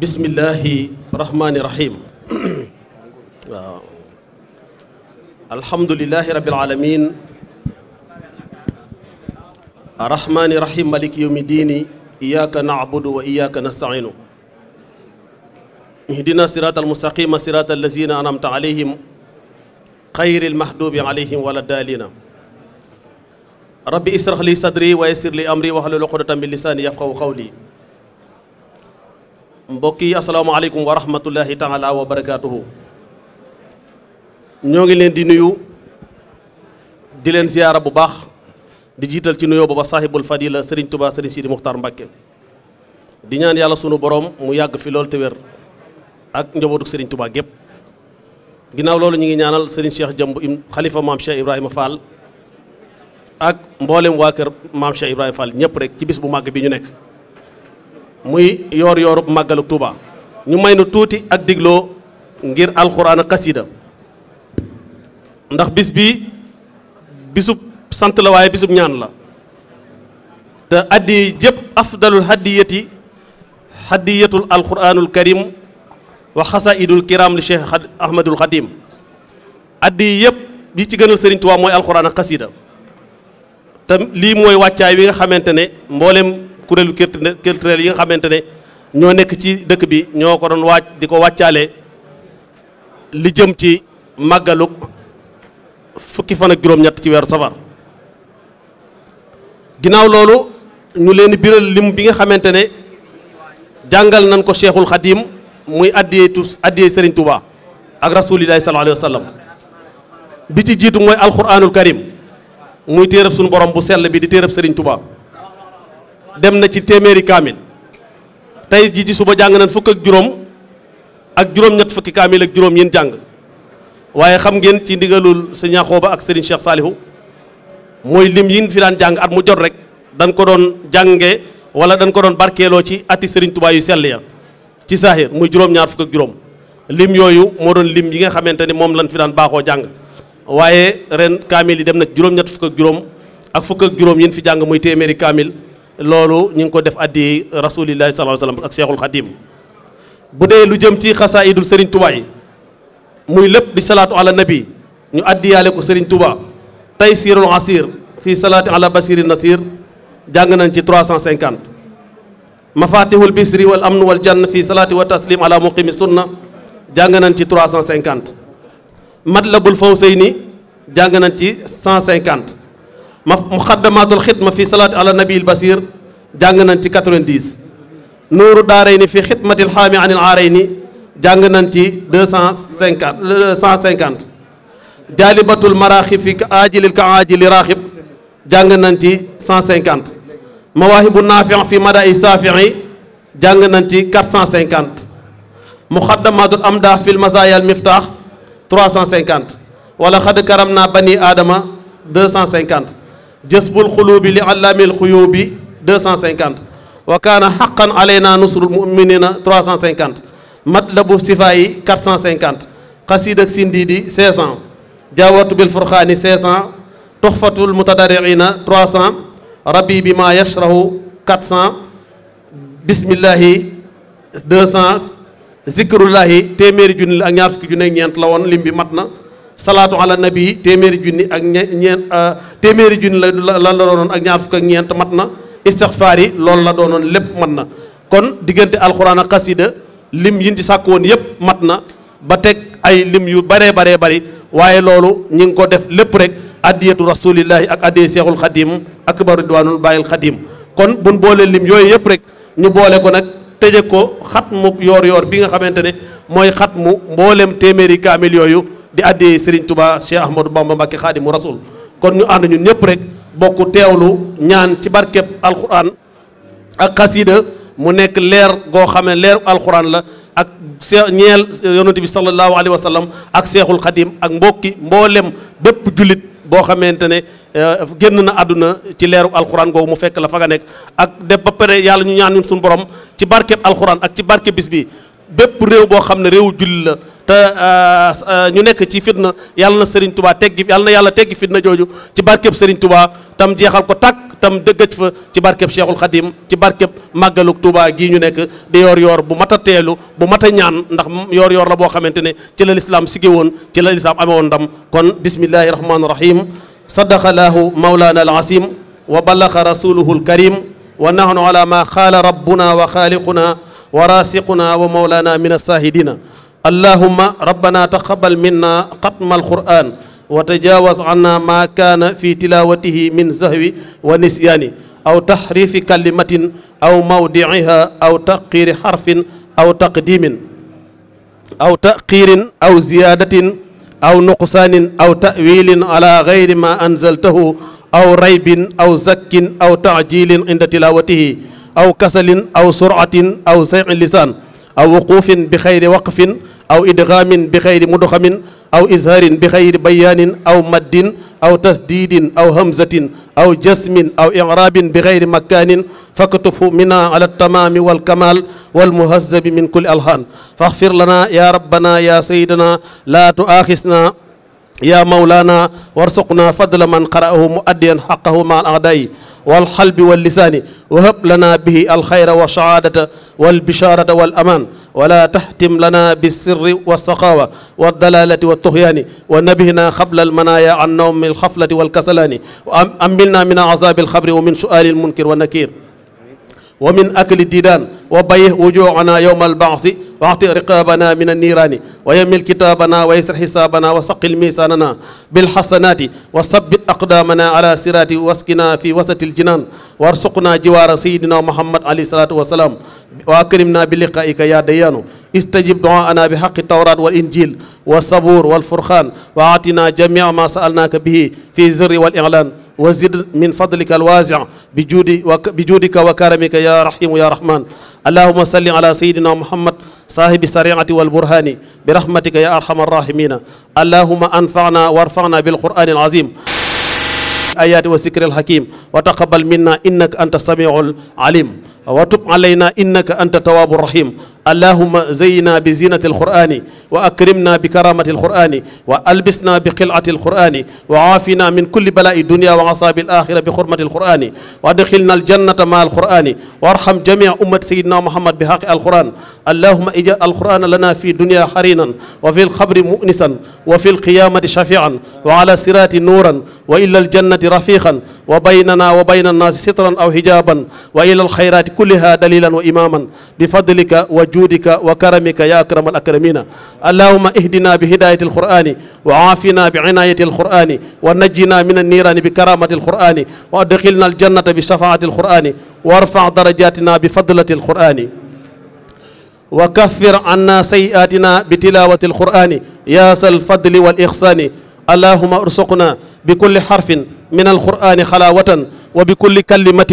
bismillahi rahmaani rahim waaw alhamdulilahi rabil alamin arrahmaani rahim maliki yawmi diini iyaaka nacbudu wa iyaaka nastaciinu ihdina siraata almustaqima siraata allazina anamta alayhim xayri almahdubi alayhim wala daalina rabbi israx li sadri wa yassir li amri waxlul uqdatan min lisaani yafqahu qawli mbokk yi asalaamaaleykum wa rahmatullahi taala wa barakaatuhu ñoo ngi leen di nuyu di leen ziyaara bu baax di jiital ci nuyoo booba sahibul fadila sëriñ tubaa sëriñ sidi muxtaar mbàkke di ñaan yàlla sunu borom mu yàgg fi loolu te ak njabootu sëriñ tubaa gépp ginnaaw loolu ñu ngi ñaanal sëriñ cheikh jëmb xalifa maam cheikh ibrahima fall ak mboolem waa kër maam cheikh ibrahima fall ñëpp rek ci bis bu màgg bi ñu nekk muy yoor yoorub màggalu Touba ñu may nu tuuti ak digloo ngir alxuraan ak ndax bis bi bisub sant la waaye bisub ñaan la te addi jëpp afdalul haddiyati haddiyatul alxuraanul karim wa xasaidul kiram li cheikh ahmadul xadim addi yëpp bi ci gënal Serigne Touba mooy alxuraan kasida xasiida te lii mooy wàccaay wi nga xamante ne mboolem kuréelu culturel yi nga xamante ne ñoo nekk ci dëkk bi ñoo ko doon waaj di ko wàccaale li jëm ci màggalug fukki fan ak juróom-ñett ci weeru safar ginnaaw loolu ñu leen biral lim bi nga xamante ne jàngal nañ ko cheikhul xadim muy addiyeetu addiyee sëriñ tubaa ak rasulillahi sallallahu bi ci jiitu mooy alquranul karim muy téerab sunu borom bu sell bi di téerab sëriñ Touba dem na ci téeméeri kaamil tey jii ci suba jàng nañ fukk ak juróom ak juróom-ñett fukki kaamil ak juróom yéen jàng waaye xam ngeen ci ndigalul sëñ Yaxooba ak sëriñ Cheikh Saalihu mooy lim yi fi daan jàng at mu jot rek dañ ko doon jànge wala dañ ko doon barkeeloo ci ati sëriñ Tuubaa yu ci saahir muy juróom-ñaar fukk ak juróom lim yooyu moo doon lim yi nga xamante ni moom lañ fi daan baaxoo jàng waaye ren kaamil yi dem na juróom-ñett fukk ak juróom ak fukk ak juróom yéen fi jàng muy téeméeri kaamil loolu ñu ngi ko def addi rasulillahi sallallahu alayhi wasallam ak Cheikhul Khadim bu dee lu jëm ci xasaayidul Serigne Touba yi muy lépp di salaatu ala nabi ñu addiyaale ko Serigne Touba tey siirul asir fii salaati ala basiri nasir jàng nañ ci 350 mafatihul bisri wal amn wal jann fii salaati wa taslim ala muqimi sunna jàng nañ ci mat 350 matlabul ni jàng nañ ci 150 ma muxaddamaatul xidma fi salaati ala nabiil basir jàng nañ ci 90 nuuru daaray ni fi xidmatil xaami anil jàng nañ ci 250 150 jaalibatul maraaxib fi aajilil ka aajili raaxib jàng nañ ci 150 mawaahibu naafic fi madaay saafici jàng nañ ci 450 muxaddamaatul amdaax fil masaayal miftaax 350 wala xad karam naa bani aadama 250 jësbul xuluubi li allaamil xuyuubi 250 wa kaana xaqan alayna nusrul muminina 350 matlabu sifa yi 450 xasiid ak sindiidi 500 jaawatu bil furxaani 500 tuxfatul mutadarriina 300 rabi bi ma yashrahu 400 bismillahi 200 zikrullahi téeméeri junni la ak ñaar fukki junni ak ñeent la woon lim bi mat na salaatu ala nabi téeméeri junni ak ñeent euh, téeméeri junni la la doonoon ak ñaar fukk ak ñeent mat na istixfaar yi loolu la doonoon lépp mat na kon diggante alxuraan ak xasida lim yin ci sàkk woon yëpp mat na ba teg ay lim yu baree baree bari waaye loolu ñi ngi ko def lépp rek addiyatu rasulillahi ak addiye seexul xadim akbaru diwaanul bàyyil xadim kon buñ boolee lim yooyu yëpp rek ñu boole ko nag tëje ko xat mu yoor yoor bi nga xamante ne mooy xat mu mboolem téeméeri kaamil yooyu di addee Serigne Touba Cheikh Ahmadou Bamba Mbacké Khadimu Rasul kon ñu ànd ñun ñëpp rek bokk teewlu ñaan ci barkeb alxuraan ak xasiida mu nekk leer goo xam ne leer alxuraan la ak see ñeel yonent bi sallallahu alayhi wa ak seexul xadim ak mbokki mboolem bépp jullit boo xamante ne euh, génn na àdduna ci leeru alxuraan googu mu fekk la fa nga nekk ak def ba pare yàlla ñu ñaan ñun suñu borom ci barkeb alxuraan ak ci barke bis bi bépp réew boo xam ne réew julli la te euh, euh, ñu nekk ci fitna yàlla na Serigne Touba teggi yàlla na yàlla teggi fitna jooju ci barkeb Serigne Touba tam jeexal ko tàkk tam dëggaj fa ci barkeb Cheikhul Khadim ci barkeb màggaluk Touba gii ñu nekk di yor-yor bu mat a teelu bu mat a ñaan ndax yor-yor la boo xamante ne ci la lislaam sige woon ci la lislaam amee woon kon bismillahi rahmaani rahim sadaqallahu mawlana al asim wa balaga rasuluhu al wa nahnu ala ma xaala rabbuna wa xaaliquna wa rasiquna wa mawlana min alsahidina allahuma rabbana taqabal minna xatma alquran wa tajawaz anna ma kaana fi tilawatihi min zahwi wa nisyaani aw taxrifi kalimatin aw mawdiciha aw taqiri xarfin aw taqdimin aw taqirin aw ziyadatin aw nuqsaanin aw tawilin ala gayri ma anzaltahu aw raybin aw zakkin aw taajilin inda tilawatihi aw kasalin aw suratin aw sayqin lisaan aw wuquufin bi xayri waqfin aw idgaamin bi xayri mudxamin aw izharin bi xayri bayaanin aw maddin aw tasdiidin aw hamzatin aw jasmin aw iraabin bi xayri makkaanin faktubhu mina ala tamaami wal kamaal wal muhazzabi min kulli alhaan faxfir lana yaa rabbana yaa sayyidana laa tuaaxisna yaa mawlaana warsuqna fadla man qara'ahu muaddiyan xaqahu ma al a'daa'i والقلب واللسان وهب لنا به الخير والسعادة والبشارة والأمان ولا تحتم لنا بالسر والسخاوة والضلالة والطغيان ونبهنا قبل المنايا عن نوم الخفلة والكسلان وأملنا من عذاب الخبر ومن سؤال المنكر والنكير wa min akli didaan wa bayih wujuucana yowma albaasi waxti riqaabana min anniiraani wa yamil kitaabana wa yasr xisaabana wa saqil miisaanana bilxasanaati wa sabbit aqdaamana ala siraati waskina fi wasati aljinaan wa arsuqna jiwaara sayidina muhammad alayhi salaatu wasalaam wa akrimna bi liqaaika yaa dayaanu istajib duaana bi xaqi tawraat wal injil wa sabuur wal furxaan wa aatina jamia ma saalnaaka bihi fi zirri wal iclaan wa zid min fadlika alwaasi bi juudi bi juudika wa karamika ya rahimu ya rahman allahuma salli ala sayidina muhammad saahibi sariati walburhani bi rahmatika ya arhama arrahimina allahuma anfana wa arfana bilqurani alazim ayati wa sikri alhakim wa taqabal minna innaka anta samiu alalim wa tub alayna innaka anta tawabu rahim allahuma zeyyina bi zinati alqur'ani wa akrimna bi karamati alqur'ani wa albisna bi qilati alqur'ani wa aafina min kulli balaa'i dunya wa asaabi alaxira bi xurmati alqur'ani wa adxilna aljannata ma alqur'ani wa arham jamia ummati sayidina muhammad bi xaqi alqur'an allahuma ijal alqur'ana lana fi dunya xarinan wa fi lxabri munisan wa fi lqiyamati shafian wa ala sirati nuuran wa ila aljannati rafiqan wa baynana wa bayna annaasi sitran aw hijaban wa ila alxayrati kulliha dalilan wa imaman bi fadlika wa وجودك وكرمك يا أكرم الأكرمين اللهم اهدنا بهداية القرآن وعافنا بعناية القرآن ونجنا من النيران بكرامة القرآن وأدخلنا الجنة بشفاعة القرآن وارفع درجاتنا بفضلة القرآن وكفر عنا سيئاتنا بتلاوة القرآن يا ذا الفضل والإحسان اللهم ارزقنا بكل حرف من القرآن خلاوة وبكل كلمة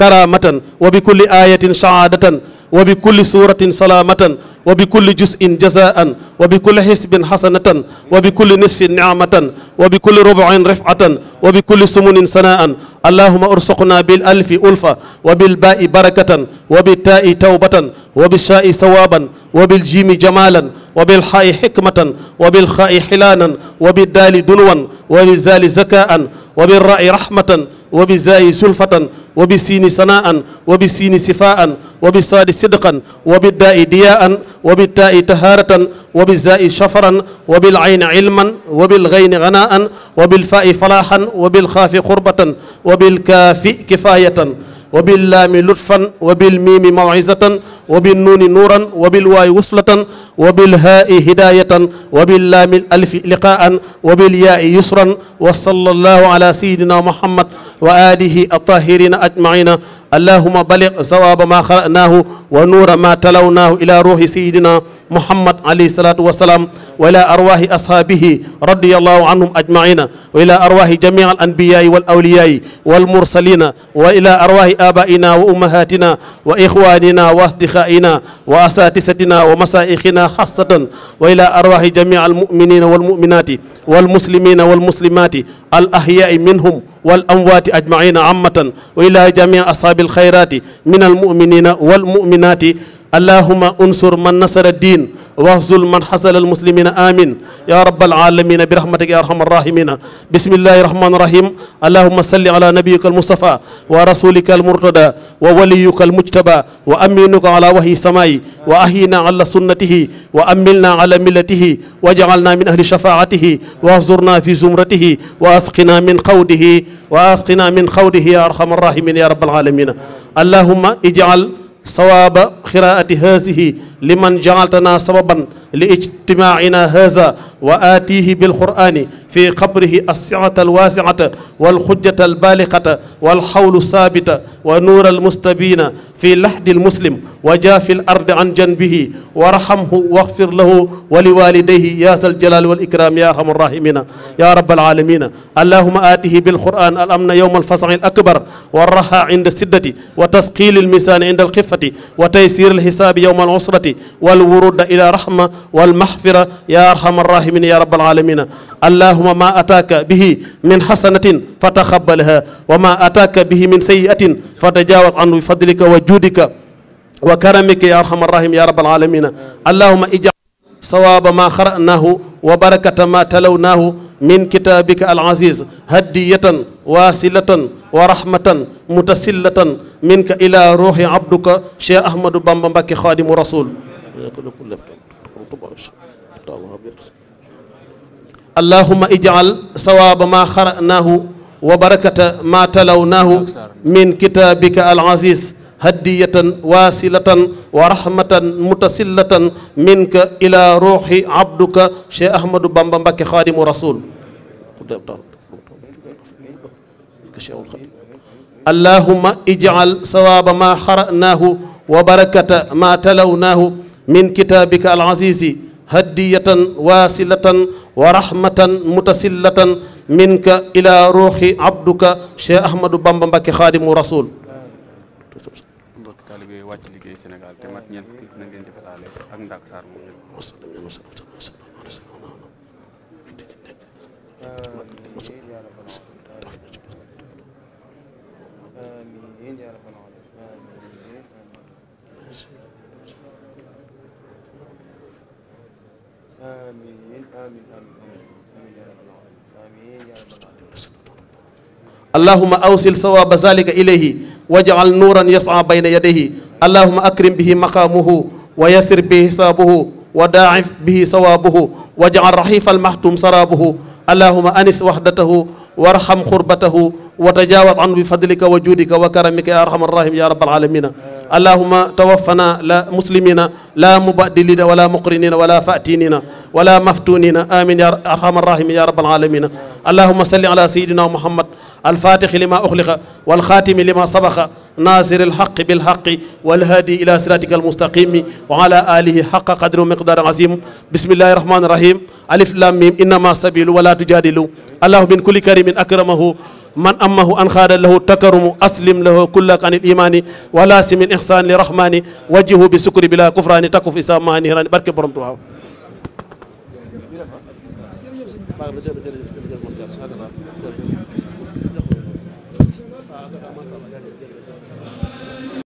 كرامة وبكل آية سعادة wa bi kulli suratin salaamatan wa bi kulli jusin jazaan wa bi kulli xisbin xasanatan wa bi kulli nisfin niamatan wa bi kulli rubcin rifcatan wa bi kulli sumunin sanaan allahuma ursuqna bil alfi ulfa wa bil baai barakatan wa bi taai tawbatan wa bi shaai sawaaban wa bil jiimi jamaalan wa bil xaa'i xikmatan wa bil xaa'i xilaanan wa bi daali dunwan wa bi zaali zakaan wa bi raai rahmatan wa bi zaayi sulfatan wa bi siini sanaan wa bi siini sifaan wa bi saadi sidqan wa bi daa'i diyaan wa bi taa'i tahaaratan wa bi zaa'i shafaran wa bil ayni ilman wa bil gayni ganaan wa bil faa'i falaaxan wa bil xaafi qurbatan wa bil kaafi kifaayatan wa bil laami lutfan wa bil miimi mawizatan wa bin nuuni nuuran wa bil waayi wuslatan wa bil haa'i hidaayatan wa bil laami alifi liqaan wa bil yaa'i yusran wa sallallahu ala sayyidina muhammad wa aalihi attahirina ajmaina allahuma balig sawaaba ma xara'naahu wa nuura ma talawnaahu ila ruuxi sayyidina muhammad alayhi salaatu wasalaam wa ila arwahi ashaabihi radiallahu anhum ajmaina wa ila arwahi jamii al anbiyaai wal awliyaai wal mursalina wa ila arwahi abaina wa ummahatina wa ixwanina wa asdiqaina wa asatisatina wa masaixina xassatan wa ila arwahi jamii al muminina wal muminaati wal muslimina wal muslimaati al ahyaai minhum wal amwaati ajmaina ammatan wa ila jamii ashaabi alxayraati min al muminina wal muminaati allahuma unsur man nasara diin waxzul man xasala almuslimina amin ya rabbal alamina bi rahmatika ya arhamar rahimina bismillahi rahmani rahim allahuma salli ala nabiyika almustafa wa rasulika almurtada wa waliyuka almujtaba wa aminuka ala wahyi samaayi wa ahyina ala sunnatihi wa amilna ala millatihi wajcalna min ahli shafaatihi waxzurna fi zumratihi wa asqina min xawdihi wa asqina min xawdihi ya arhamar rahimina ya rabbal alamina allahuma ijcal sawaaba xiraati haasihi liman jaaltana sababan li ijtimaina haza wa aatihi bilqurani fi qabrihi alsiata alwaasiata walxujjata albaaliqata walxawlu saabita wa nuura almustabina fi lahdi almuslim wa jaafi alardi an janbihi wa rahamhu waxfir lahu wa liwaalidayhi ya zaljalali walikram ya arham arrahimina ya rabbal alamina allahuma aatihi bilquran alamna yowma alfasai alakbar walraha inda siddati wa tasqiili almisaani inda alxifati wa taysir alxisaabi yowma alusrati الرحمة والورود إلى رحمة والمغفرة يا أرحم الراحمين يا رب العالمين اللهم ما أتاك به من حسنة فتقبلها وما أتاك به من سيئة فتجاوز عنه بفضلك وجودك وكرمك يا أرحم الراحمين يا رب العالمين اللهم اجعل صواب ما قرأناه وبركة ما تلوناه من كتابك العزيز هدية واصلة wa rahmatan mutasillatan minka ila ruuxi abduka cheikh ahmadou bamba mbàkke xaadimu rasul allahuma ijcal sawaaba maa xara'naahu wa barakata maa talawnaahu min kitaabika al aziz hadiyatan waasilatan wa rahmatan mutasillatan minka ila ruuxi abduka cheikh ahmadou bamba mbàkke xaadimu rasul barke Cheikhul Khadim allahuma ijcal sawaaba maa xaranaahu wa barakata maa talawnaahu min kitaabika alasiisi hadiyatan waasilatan wa rahmatan mutasillatan minka ila ruuxi abduka Cheikh Ahmadou Bamba Mbacké xaadimu rasul آمين يا رب العالمين آمين آمين آمين آمين يا رب العالمين آمين يا رب العالمين اللهم أوصل صواب ذلك إليه واجعل نورا يسعى بين يديه اللهم أكرم به مقامه ويسر به حسابه وداعف به ثوابه واجعل رحيف المحتوم سرابه allahuma anis waxdatahu warxam xurbatahu wa tajaawaz an bi fadlika wa juudika wa karamika ya arhamar rahim ya rabbal alamina allahuma tawaffana la muslimina la mubadilina wala muqrinina wala fatinina wala maftunina amin ya arham arrahimin ya rabbal alamina allahuma salli ala sayidina muhammad alfatixi lima uxliqa walxatimi lima sabaqa nasiri alxaqi bilxaqi walhaadi ila siratika almustaqimi wa ala alihi xaqa qadri wa miqdaari azim bismillahi rahmani rahim alif lam mim innama sabilu wala tujadilu allahu min kulli karimin akramahu man amahu an xaada lahu takarumu aslim lahu kullak an il imani wala si min ihsan li rahmani wajihu bi sukri bila kufraani takku fi islam maa nihraani barke borom Tuubaa